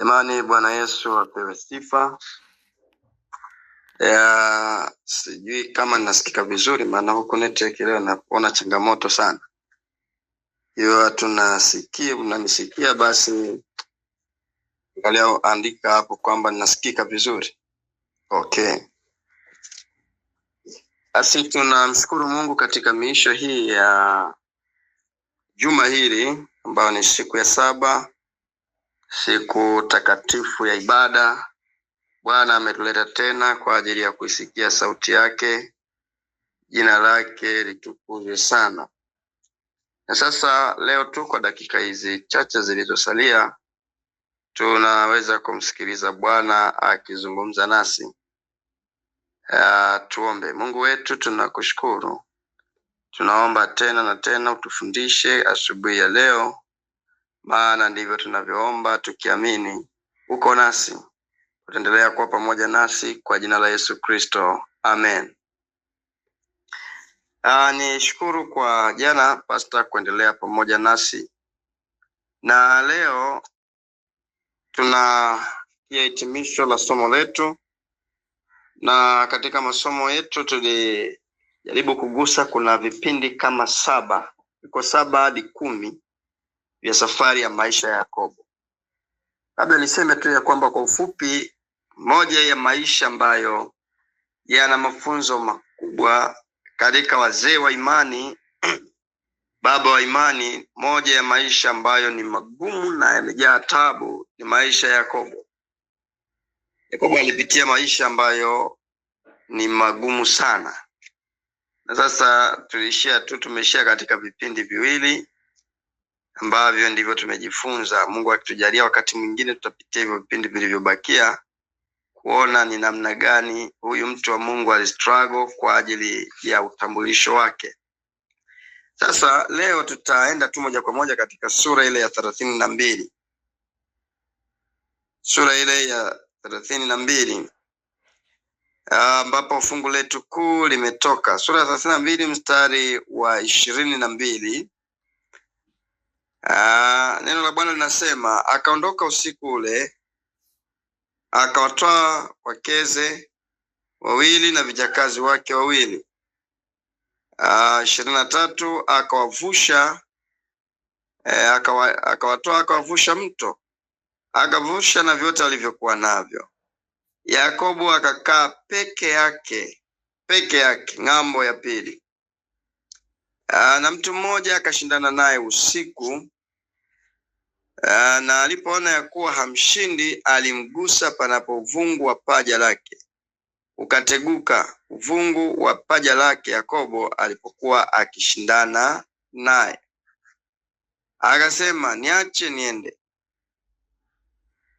Jamani, Bwana Yesu apewe sifa. Ya, sijui kama nasikika vizuri, maana huku network leo naona changamoto sana. Hiyo tunasikia, unanisikia? Basi angalia, andika hapo kwamba nasikika vizuri. Okay, basi tunamshukuru Mungu katika miisho hii ya juma hili ambayo ni siku ya saba siku takatifu ya ibada. Bwana ametuleta tena kwa ajili ya kuisikia sauti yake, jina lake litukuzwe sana. Na sasa leo tu kwa dakika hizi chache zilizosalia, tunaweza kumsikiliza Bwana akizungumza nasi. Uh, tuombe. Mungu wetu, tunakushukuru, tunaomba tena na tena utufundishe asubuhi ya leo maana ndivyo tunavyoomba tukiamini. Uko nasi, utaendelea kuwa pamoja nasi kwa jina la Yesu Kristo, amen. Aa, ah, ni shukuru kwa jana pasta kuendelea pamoja nasi, na leo tunafikia hitimisho la somo letu, na katika masomo yetu tulijaribu kugusa, kuna vipindi kama saba, iko saba hadi kumi ya safari ya maisha ya Yakobo. Labda niseme tu ya kwamba kwa ufupi, moja ya maisha ambayo yana mafunzo makubwa katika wazee wa imani baba wa imani, moja ya maisha ambayo ni magumu na yamejaa tabu ni maisha ya Yakobo. Yakobo alipitia maisha ambayo ni magumu sana, na sasa tuliishia tu, tumeishia katika vipindi viwili ambavyo ndivyo tumejifunza. Mungu akitujalia, wakati mwingine tutapitia hivyo vipindi vilivyobakia kuona ni namna gani huyu mtu wa Mungu alistruggle kwa ajili ya utambulisho wake. Sasa leo tutaenda tu moja kwa moja katika sura ile ya thelathini na mbili sura ile ya thelathini na mbili ambapo fungu letu kuu limetoka sura ya thelathini na mbili mstari wa ishirini na mbili Ah, neno la Bwana linasema akaondoka usiku ule akawatoa wakeze wawili na vijakazi wake wawili. Ah, ishirini na tatu akawavusha eh, akawavusha mto akavusha na vyote alivyokuwa navyo. Yakobo akakaa peke yake peke yake ng'ambo ya pili. Aa, ah, na mtu mmoja akashindana naye usiku. Aa, ah, na alipoona ya kuwa hamshindi, alimgusa panapovungu wa paja lake, ukateguka uvungu wa paja lake Yakobo alipokuwa akishindana naye. Akasema, niache niende,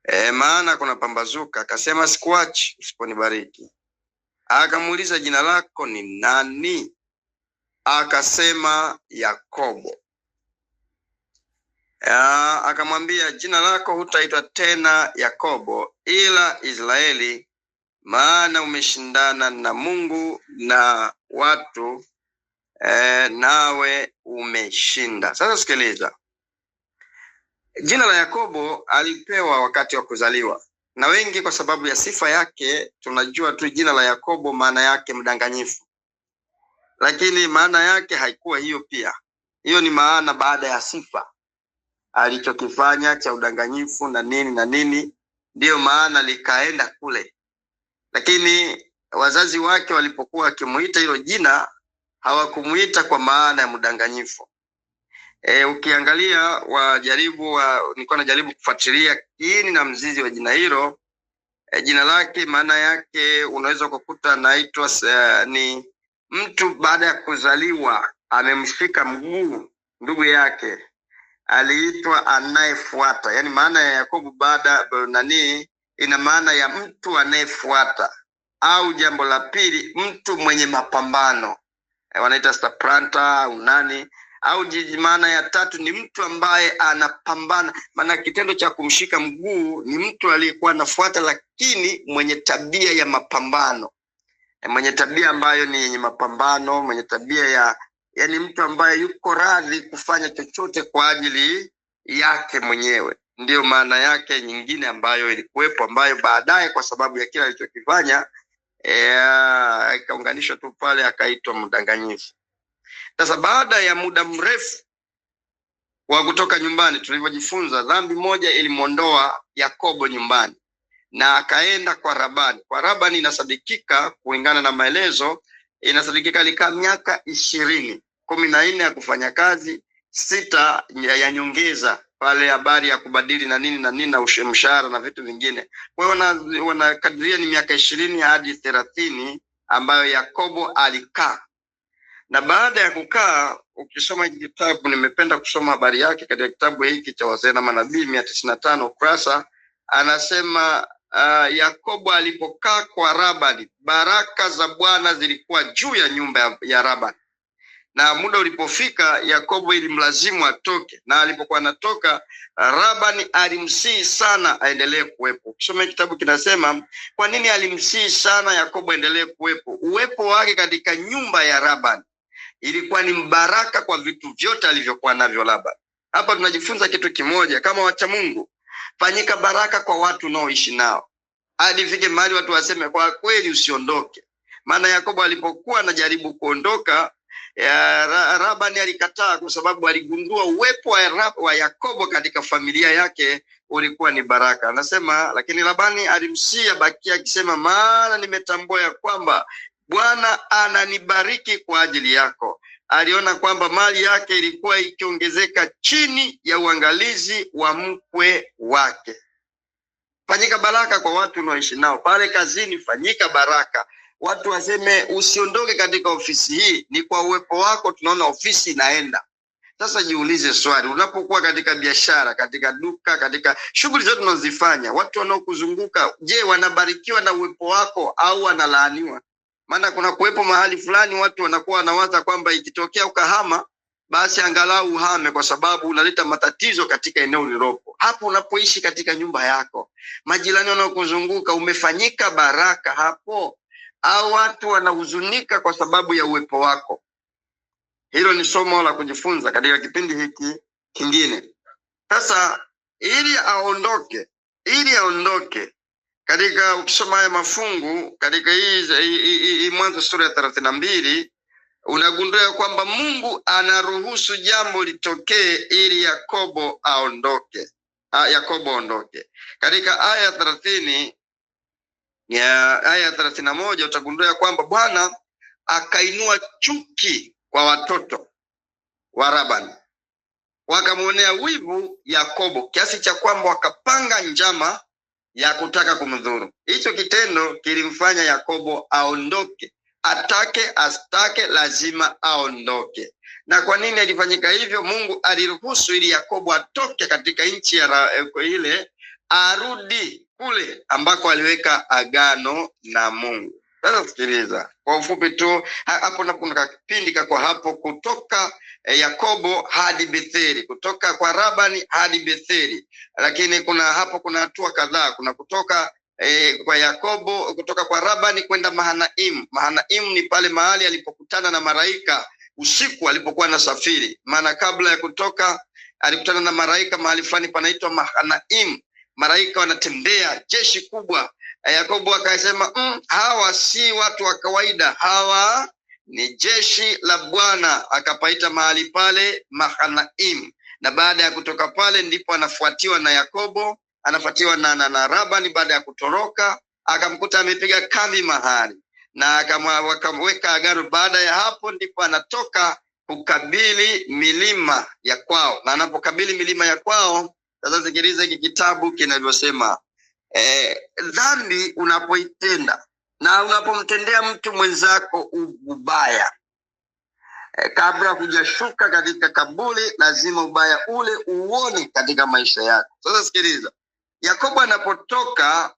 e, maana kuna pambazuka. Akasema, sikuachi usiponibariki. Akamuuliza, jina lako ni nani? Akasema, Yakobo. Ya, akamwambia, jina lako hutaitwa tena Yakobo ila Israeli, maana umeshindana na Mungu na watu e, nawe umeshinda. Sasa sikiliza, jina la Yakobo alipewa wakati wa kuzaliwa, na wengi kwa sababu ya sifa yake tunajua tu jina la Yakobo maana yake mdanganyifu lakini maana yake haikuwa hiyo pia. Hiyo ni maana baada ya sifa alichokifanya cha udanganyifu na nini na nini, ndiyo maana likaenda kule. Lakini wazazi wake walipokuwa wakimuita hilo jina hawakumuita kwa maana ya mdanganyifu. E, ukiangalia wajaribu wa, nilikuwa najaribu kufuatilia kiini na mzizi wa jina hilo. E, jina lake maana yake unaweza kukuta naitwa eh, ni mtu baada ya kuzaliwa amemshika mguu ndugu yake aliitwa anayefuata, yaani maana ya Yakobo baada nani, ina maana ya mtu anayefuata, au jambo la pili, mtu mwenye mapambano e, wanaita staplanta au nani au jiji. Maana ya tatu ni mtu ambaye anapambana, maana kitendo cha kumshika mguu ni mtu aliyekuwa anafuata, lakini mwenye tabia ya mapambano. Eh, mwenye tabia ambayo ni yenye mapambano, mwenye tabia ya yani, mtu ambaye yuko radhi kufanya chochote kwa ajili yake mwenyewe. Ndiyo maana yake nyingine ambayo ilikuwepo, ambayo baadaye kwa sababu ya kile alichokifanya eh, ikaunganishwa tu pale, akaitwa mdanganyifu. Sasa baada ya muda mrefu wa kutoka nyumbani, tulivyojifunza, dhambi moja ilimwondoa Yakobo nyumbani na akaenda kwa Rabani. Kwa Rabani inasadikika kulingana na maelezo, inasadikika alikaa miaka ishirini, kumi na nne ya kufanya kazi, sita ya nyongeza pale habari ya kubadili na nini na nini na mshahara na vitu vingine. Kwa hiyo wanakadiria ni miaka ishirini hadi thelathini ambayo Yakobo alikaa, na baada ya kukaa, ukisoma hiki kitabu, nimependa kusoma habari yake katika kitabu hiki cha Wazee na Manabii mia tisini na tano ukurasa anasema uh, Yakobo alipokaa kwa Labani, baraka za Bwana zilikuwa juu ya nyumba ya, ya Labani, na muda ulipofika Yakobo ilimlazimu atoke, na alipokuwa anatoka Labani alimsihi sana aendelee kuwepo. Ukisoma kitabu kinasema, kwa nini alimsihi sana Yakobo aendelee kuwepo? Uwepo wake katika nyumba ya Labani ilikuwa ni mbaraka kwa vitu vyote alivyokuwa navyo Labani. Hapa tunajifunza kitu kimoja kama wacha Mungu fanyika baraka kwa watu unaoishi nao, hadi ifike mahali watu waseme kwa kweli usiondoke. Maana Yakobo alipokuwa anajaribu kuondoka ya, eh, Rabani alikataa kwa sababu aligundua uwepo wa, wa Yakobo katika familia yake ulikuwa ni baraka. Anasema lakini Labani alimsii abakia akisema, maana nimetambua ya kwamba Bwana ananibariki kwa ajili yako aliona kwamba mali yake ilikuwa ikiongezeka chini ya uangalizi wa mkwe wake. Fanyika baraka kwa watu unaoishi nao pale kazini, fanyika baraka. Watu waseme usiondoke katika ofisi hii, ni kwa uwepo wako tunaona ofisi inaenda. Sasa jiulize swali, unapokuwa katika biashara, katika duka, katika shughuli zote unazifanya, watu wanaokuzunguka, je, wanabarikiwa na uwepo wako au wanalaaniwa? maana kuna kuwepo mahali fulani watu wanakuwa wanawaza kwamba ikitokea ukahama basi angalau uhame, kwa sababu unaleta matatizo katika eneo lilopo. Hapo unapoishi katika nyumba yako, majirani wanaokuzunguka, umefanyika baraka hapo au watu wanahuzunika kwa sababu ya uwepo wako? Hilo ni somo la kujifunza katika kipindi hiki kingine. Sasa ili aondoke, ili aondoke katika ukisoma haya mafungu katika hii Mwanzo sura ya thelathini na mbili unagundua kwamba Mungu anaruhusu jambo litokee ili Yakobo aondoke, Yakobo aondoke. Katika aya thelathini aya ya thelathini na moja utagundua kwamba Bwana akainua chuki kwa watoto wa Labani, wakamwonea wivu Yakobo kiasi cha kwamba wakapanga njama ya kutaka kumdhuru. Hicho kitendo kilimfanya Yakobo aondoke, atake astake, lazima aondoke. Na kwa nini alifanyika hivyo? Mungu aliruhusu ili Yakobo atoke katika nchi ya ile, arudi kule ambako aliweka agano na Mungu. Sasa sikiliza kwa ufupi tu hapo, na kuna kipindi kako hapo kutoka eh, Yakobo hadi Betheli, kutoka kwa Rabani hadi Betheli. Lakini kuna hapo kuna hatua kadhaa, kuna kutoka eh, kwa Yakobo, kutoka kwa Rabani kwenda Mahanaim. Mahanaim ni pale mahali alipokutana na malaika usiku alipokuwa na safiri, maana kabla ya kutoka alikutana na malaika mahali fulani panaitwa Mahanaim. Malaika wanatembea jeshi kubwa Eh, Yakobo akasema mm, hawa si watu wa kawaida, hawa ni jeshi la Bwana. Akapaita mahali pale Mahanaim, na baada ya kutoka pale ndipo anafuatiwa na Yakobo, anafuatiwa na, na, na Labani. Baada ya kutoroka akamkuta amepiga kambi mahali na akamweka agano. Baada ya hapo ndipo anatoka kukabili milima ya kwao, na anapokabili milima ya kwao sasa, sikiliza hiki kitabu kinavyosema eh, dhambi unapoitenda na unapomtendea mtu mwenzako ubaya eh, kabla hujashuka katika kaburi, lazima ubaya ule uone katika maisha yako. Sasa sikiliza, Yakobo anapotoka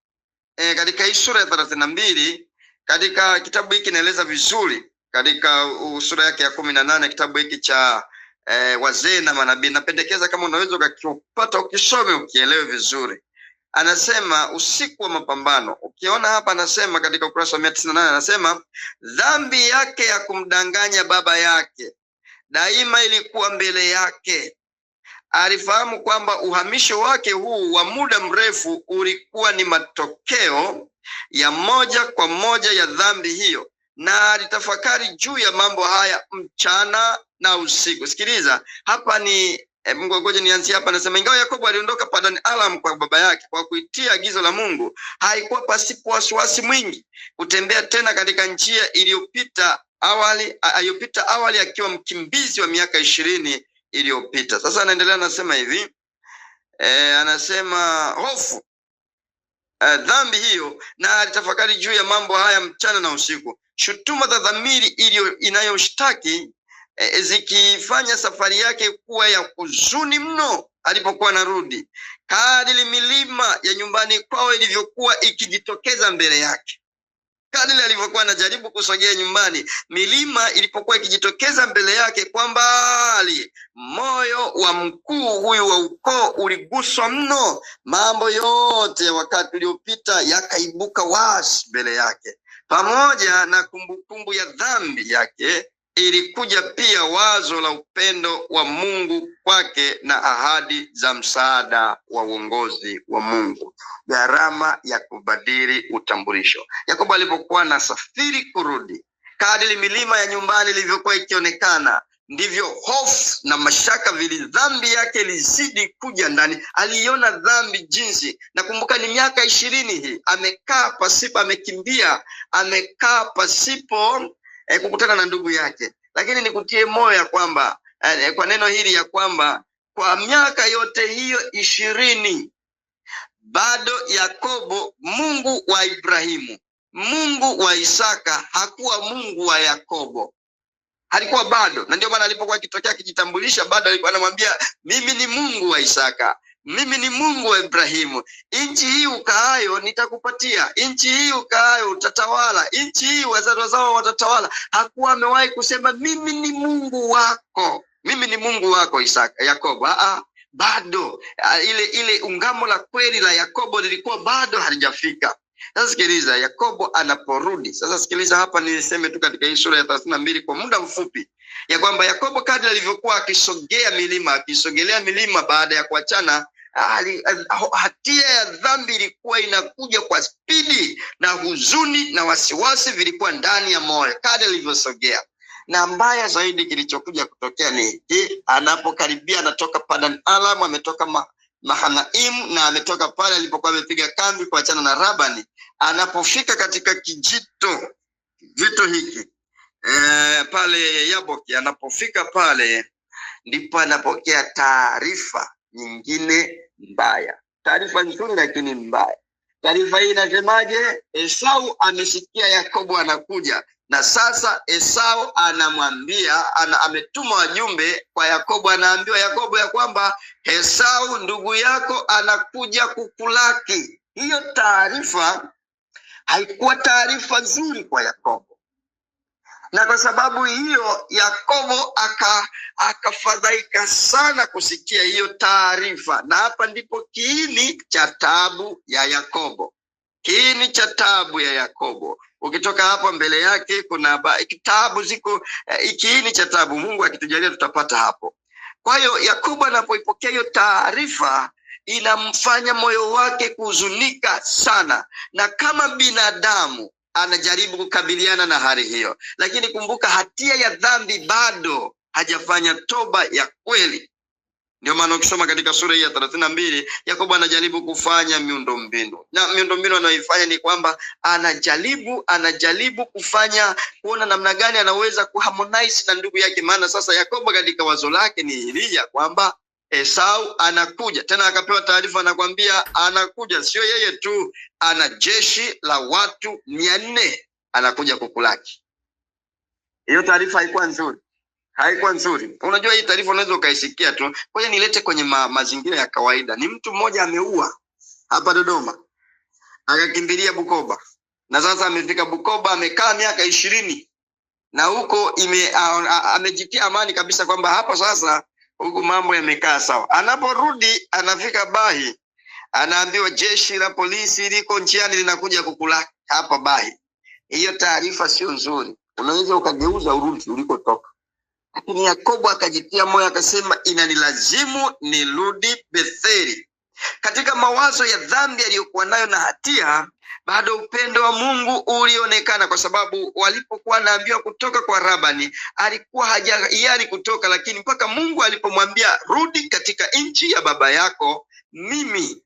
eh, katika hii sura ya thelathini na mbili katika kitabu hiki inaeleza vizuri katika sura yake ya kumi na nane kitabu hiki cha eh, wazee na manabii. Napendekeza kama unaweza ukakipata ukisome ukielewe vizuri anasema usiku wa mapambano. Ukiona hapa anasema katika ukurasa wa mia tisini na nane anasema dhambi yake ya kumdanganya baba yake daima ilikuwa mbele yake. Alifahamu kwamba uhamisho wake huu wa muda mrefu ulikuwa ni matokeo ya moja kwa moja ya dhambi hiyo, na alitafakari juu ya mambo haya mchana na usiku. Sikiliza hapa, ni mungu ngoja nianzie hapa. Anasema ingawa Yakobo aliondoka Padani Aram kwa baba yake kwa kuitia agizo la Mungu, haikuwa pasipo wasiwasi mwingi kutembea tena katika njia iliyopita awali aliyopita awali akiwa mkimbizi wa miaka ishirini iliyopita. Sasa anaendelea anasema hivi e, anasema hofu e, dhambi hiyo, na alitafakari juu ya mambo haya mchana na usiku. Shutuma za dhamiri iliyo inayoshtaki e, zikifanya safari yake kuwa ya huzuni mno alipokuwa anarudi, kadiri milima ya nyumbani kwao ilivyokuwa ikijitokeza mbele yake. Kadiri alivyokuwa anajaribu kusogea nyumbani, milima ilipokuwa ikijitokeza mbele yake kwa mbali, moyo wa mkuu huyu wa ukoo uliguswa mno. Mambo yote wakati uliopita yakaibuka wazi mbele yake, pamoja na kumbukumbu ya dhambi yake ilikuja pia wazo la upendo wa Mungu kwake na ahadi za msaada wa uongozi wa Mungu. Gharama ya kubadili utambulisho. Yakobo alipokuwa anasafiri kurudi, kadiri milima ya nyumbani ilivyokuwa ikionekana, ndivyo hofu na mashaka vili dhambi yake ilizidi kuja ndani. Aliiona dhambi jinsi, nakumbuka ni miaka ishirini hii, amekaa pasipo, amekimbia, amekaa pasipo eh, kukutana na ndugu yake. Lakini nikutie moyo ya kwamba eh, kwa neno hili ya kwamba kwa miaka yote hiyo ishirini bado Yakobo Mungu wa Ibrahimu, Mungu wa Isaka hakuwa Mungu wa Yakobo alikuwa bado, na ndio maana alipokuwa akitokea akijitambulisha, bado alikuwa anamwambia mimi ni Mungu wa Isaka, mimi ni Mungu wa Ibrahimu, nchi hii ukaayo nitakupatia, nchi hii ukaayo utatawala, nchi hii wazao zao watatawala. Hakuwa amewahi kusema mimi ni Mungu wako, mimi ni Mungu wako Isaka, Yakobo. Aa, ah, ah. bado ah, ile ile ungamo la kweli la Yakobo lilikuwa bado halijafika. Sasa sikiliza, Yakobo anaporudi sasa. Sikiliza hapa, niseme tu katika hii sura ya thelathini na mbili kwa muda mfupi, ya kwamba Yakobo kadri alivyokuwa akisogea milima, akisogelea milima baada ya kuachana hatia ya dhambi ilikuwa inakuja kwa spidi, na huzuni na wasiwasi vilikuwa ndani ya moyo kadi ilivyosogea Na mbaya zaidi kilichokuja kutokea ni hiki, anapokaribia anatoka Padan Alam, ametoka ma, Mahanaim na ametoka pale alipokuwa amepiga kambi kuachana na Rabani. Anapofika katika kijito kijito hiki e, pale Yaboki, anapofika pale ndipo anapokea taarifa nyingine mbaya, taarifa nzuri lakini mbaya. Taarifa hii inasemaje? Esau amesikia Yakobo anakuja, na sasa Esau anamwambia ana, ametuma wajumbe kwa Yakobo, anaambiwa Yakobo ya kwamba Esau ndugu yako anakuja kukulaki. Hiyo taarifa haikuwa taarifa nzuri kwa Yakobo na kwa sababu hiyo Yakobo akafadhaika aka sana kusikia hiyo taarifa, na hapa ndipo kiini cha tabu ya Yakobo, kiini cha tabu ya Yakobo. Ukitoka hapa mbele yake kuna tabu ziko, eh, kiini cha tabu Mungu akitujalia tutapata hapo. Kwa hiyo Yakobo anapoipokea hiyo taarifa inamfanya moyo wake kuhuzunika sana, na kama binadamu anajaribu kukabiliana na hali hiyo, lakini kumbuka, hatia ya dhambi bado hajafanya toba ya kweli. Ndio maana ukisoma katika sura hii ya thelathini na mbili Yakobo anajaribu kufanya miundo mbinu na miundombinu anayoifanya ni kwamba anajaribu anajaribu kufanya kuona namna gani anaweza kuharmonize na ndugu yake. Maana sasa Yakobo katika wazo lake ni hili ya kwamba Esau anakuja tena, akapewa taarifa, anakwambia anakuja, sio yeye tu, ana jeshi la watu mia nne anakuja kukulaki. Hiyo taarifa haikuwa nzuri, haikuwa nzuri. Unajua, hii taarifa unaweza ukaisikia tu. Ngoja nilete kwenye ma, mazingira ya kawaida. Ni mtu mmoja ameua hapa Dodoma, akakimbilia Bukoba na sasa amefika Bukoba, amekaa miaka ishirini na huko ime, amejitia amani kabisa kwamba hapa sasa huku mambo yamekaa sawa. Anaporudi anafika Bahi, anaambiwa jeshi la polisi liko njiani linakuja kukula hapa Bahi. Hiyo taarifa sio nzuri, unaweza ukageuza urudi ulikotoka. Lakini Yakobo akajitia moyo akasema, inanilazimu nirudi Betheli. Katika mawazo ya dhambi aliyokuwa nayo na hatia bado upendo wa Mungu ulionekana, kwa sababu walipokuwa anaambiwa kutoka kwa rabani alikuwa hajahiari kutoka, lakini mpaka Mungu alipomwambia rudi katika nchi ya baba yako, mimi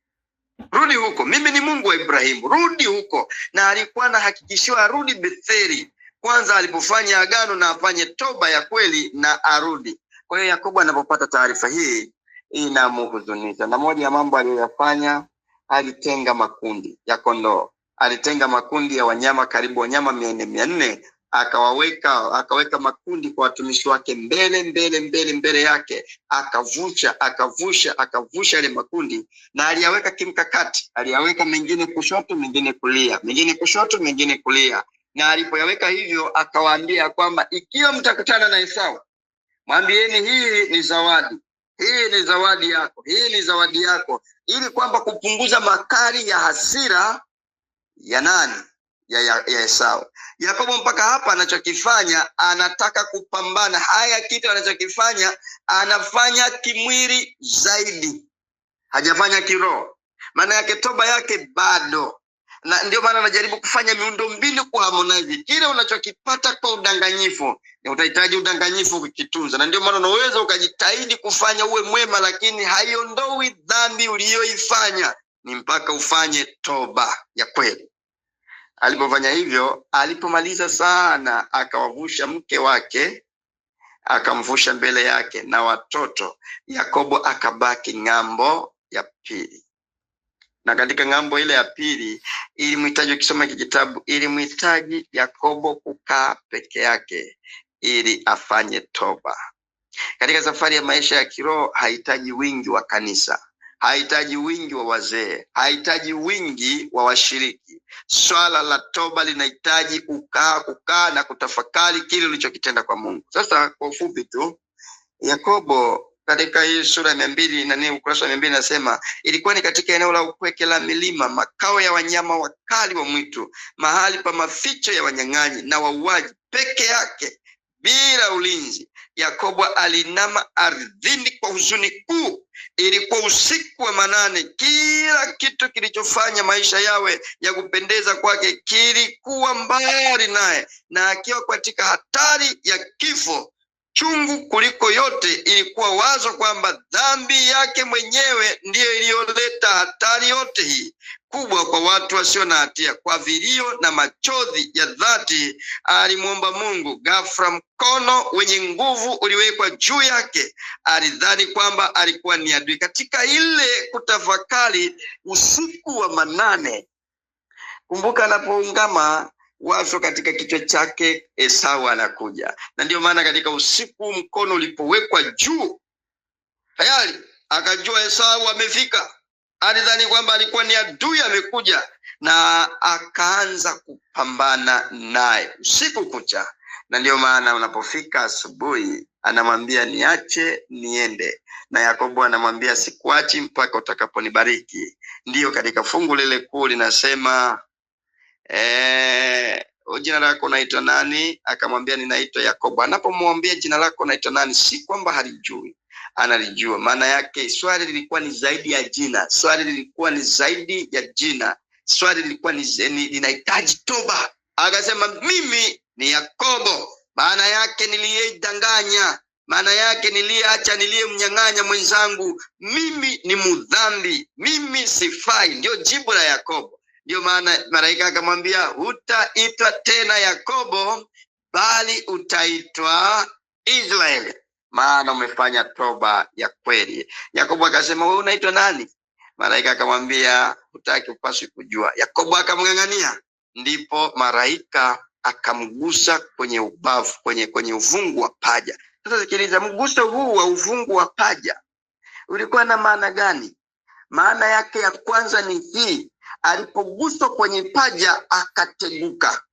rudi huko, mimi ni Mungu wa Ibrahimu, rudi huko. Na alikuwa anahakikishiwa arudi Betheli kwanza alipofanya agano na afanye toba ya kweli na arudi. Kwa hiyo Yakobo anapopata taarifa hii inamhuzunisha, na moja ya mambo aliyoyafanya alitenga makundi ya kondoo alitenga makundi ya wanyama karibu wanyama mia nne mia nne akawaweka akaweka makundi kwa watumishi wake mbele mbele mbele mbele yake, akavusha akavusha akavusha yale makundi, na aliyaweka kimkakati, aliyaweka mengine kushoto, mengine kulia, mengine kushoto, mengine kulia. Na alipoyaweka hivyo, akawaambia kwamba ikiwa mtakutana na Esau, mwambieni hii ni zawadi, hii ni zawadi yako, hii ni zawadi yako, ili kwamba kupunguza makali ya hasira ya nani ya, ya, ya Esau. Yakobo mpaka hapa anachokifanya anataka kupambana. Haya kitu anachokifanya anafanya kimwili zaidi, hajafanya kiroho. Maana yake toba yake bado, na ndio maana anajaribu kufanya miundo mbinu kwa Harmonize. Kile unachokipata kwa udanganyifu, utahitaji udanganyifu kukitunza, na ndio maana unaweza ukajitahidi kufanya uwe mwema, lakini haiondoi dhambi uliyoifanya ni mpaka ufanye toba ya kweli. Alipofanya hivyo, alipomaliza sana, akawavusha mke wake, akamvusha mbele yake na watoto. Yakobo akabaki ng'ambo ya pili, na katika ng'ambo ile ya pili ilimhitaji, ukisoma hiki kitabu, ilimhitaji Yakobo kukaa peke yake ili afanye toba. Katika safari ya maisha ya kiroho hahitaji wingi wa kanisa hahitaji wingi wa wazee, hahitaji wingi wa washiriki. Swala la toba linahitaji kukaa kukaa na kutafakari kile ulichokitenda kwa Mungu. Sasa kwa ufupi tu, Yakobo katika hii sura ya mia mbili na ukurasa wa mia mbili nasema ilikuwa ni katika eneo la ukweke la milima, makao ya wanyama wakali wa mwitu, mahali pa maficho ya wanyang'anyi na wauaji, peke yake bila ulinzi. Yakobo alinama ardhini kwa huzuni kuu Ilikuwa usiku wa manane. Kila kitu kilichofanya maisha yawe ya kupendeza kwake kilikuwa mbali naye, na akiwa katika hatari ya kifo chungu kuliko yote, ilikuwa wazo kwamba dhambi yake mwenyewe ndiyo iliyoleta hatari yote hii kubwa kwa watu wasio na hatia. Kwa vilio na machozi ya dhati alimwomba Mungu. Ghafla mkono wenye nguvu uliwekwa juu yake, alidhani kwamba alikuwa ni adui. Katika ile kutafakari usiku wa manane, kumbuka anapoungama wazo katika kichwa chake, Esau anakuja, na ndiyo maana katika usiku mkono ulipowekwa juu tayari akajua Esau amefika alidhani kwamba alikuwa ni adui amekuja, na akaanza kupambana naye usiku kucha. Na ndiyo maana unapofika asubuhi, anamwambia niache niende, na Yakobo anamwambia sikuachi mpaka utakaponibariki. Ndiyo katika fungu lile kuu linasema eh, jina lako unaitwa nani? Akamwambia ninaitwa Yakobo. Anapomwambia jina lako unaitwa nani, si kwamba halijui analijua. Maana yake swali lilikuwa ni zaidi ya jina, swali lilikuwa ni zaidi ya jina, swali lilikuwa ni linahitaji toba. Akasema mimi ni Yakobo, maana yake niliyeidanganya, maana yake niliyeacha, niliyemnyang'anya mwenzangu. Mimi ni mudhambi, mimi sifai. Ndio jibu la Yakobo. ndio maana malaika akamwambia, hutaitwa tena Yakobo, bali utaitwa Israeli maana umefanya toba ya kweli. Yakobo akasema wewe unaitwa nani? Malaika akamwambia hutaki, upaswi kujua. Yakobo akamng'ang'ania, ndipo malaika akamgusa kwenye ubavu, kwenye kwenye uvungu wa paja. Sasa sikiliza, mguso huu wa uvungu wa paja ulikuwa na maana gani? Maana yake ya kwanza ni hii, alipoguswa kwenye paja akateguka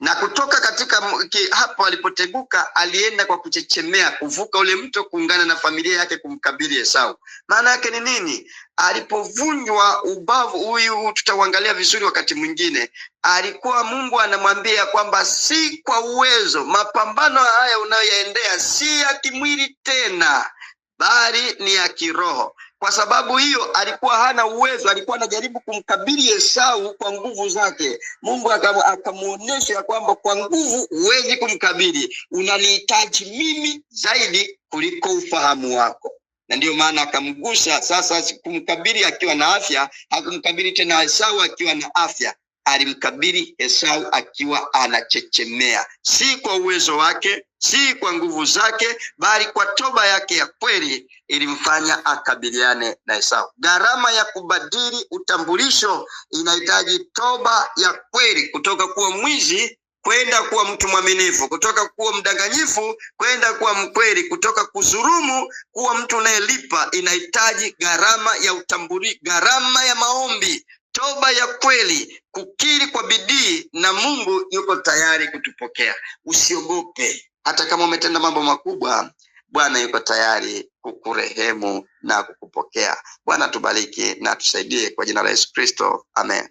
na kutoka katika hapo alipoteguka alienda kwa kuchechemea kuvuka ule mto kuungana na familia yake kumkabili Esau. Maana yake ni nini? Alipovunjwa ubavu, huyu tutauangalia vizuri wakati mwingine. Alikuwa Mungu anamwambia kwamba si kwa uwezo, mapambano haya unayoyaendea si ya kimwili tena, bali ni ya kiroho. Kwa sababu hiyo alikuwa hana uwezo, alikuwa anajaribu kumkabili Esau kwa nguvu zake. Mungu akamuonyesha kwamba kwa nguvu huwezi kumkabili, unanihitaji mimi zaidi kuliko ufahamu wako na ndiyo maana akamgusa sasa, kumkabili akiwa na afya, hakumkabili tena Esau akiwa na afya, alimkabili Esau akiwa anachechemea, si kwa uwezo wake, si kwa nguvu zake, bali kwa toba yake ya kweli ilimfanya akabiliane na Esau. Gharama ya kubadili utambulisho inahitaji toba ya kweli, kutoka kuwa mwizi kwenda kuwa mtu mwaminifu, kutoka kuwa mdanganyifu kwenda kuwa mkweli, kutoka kuzurumu kuwa mtu unayelipa. Inahitaji gharama ya utambuli, gharama ya maombi Toba ya kweli, kukiri kwa bidii, na Mungu yuko tayari kutupokea. Usiogope, hata kama umetenda mambo makubwa, Bwana yuko tayari kukurehemu na kukupokea. Bwana tubariki na tusaidie, kwa jina la Yesu Kristo, amen.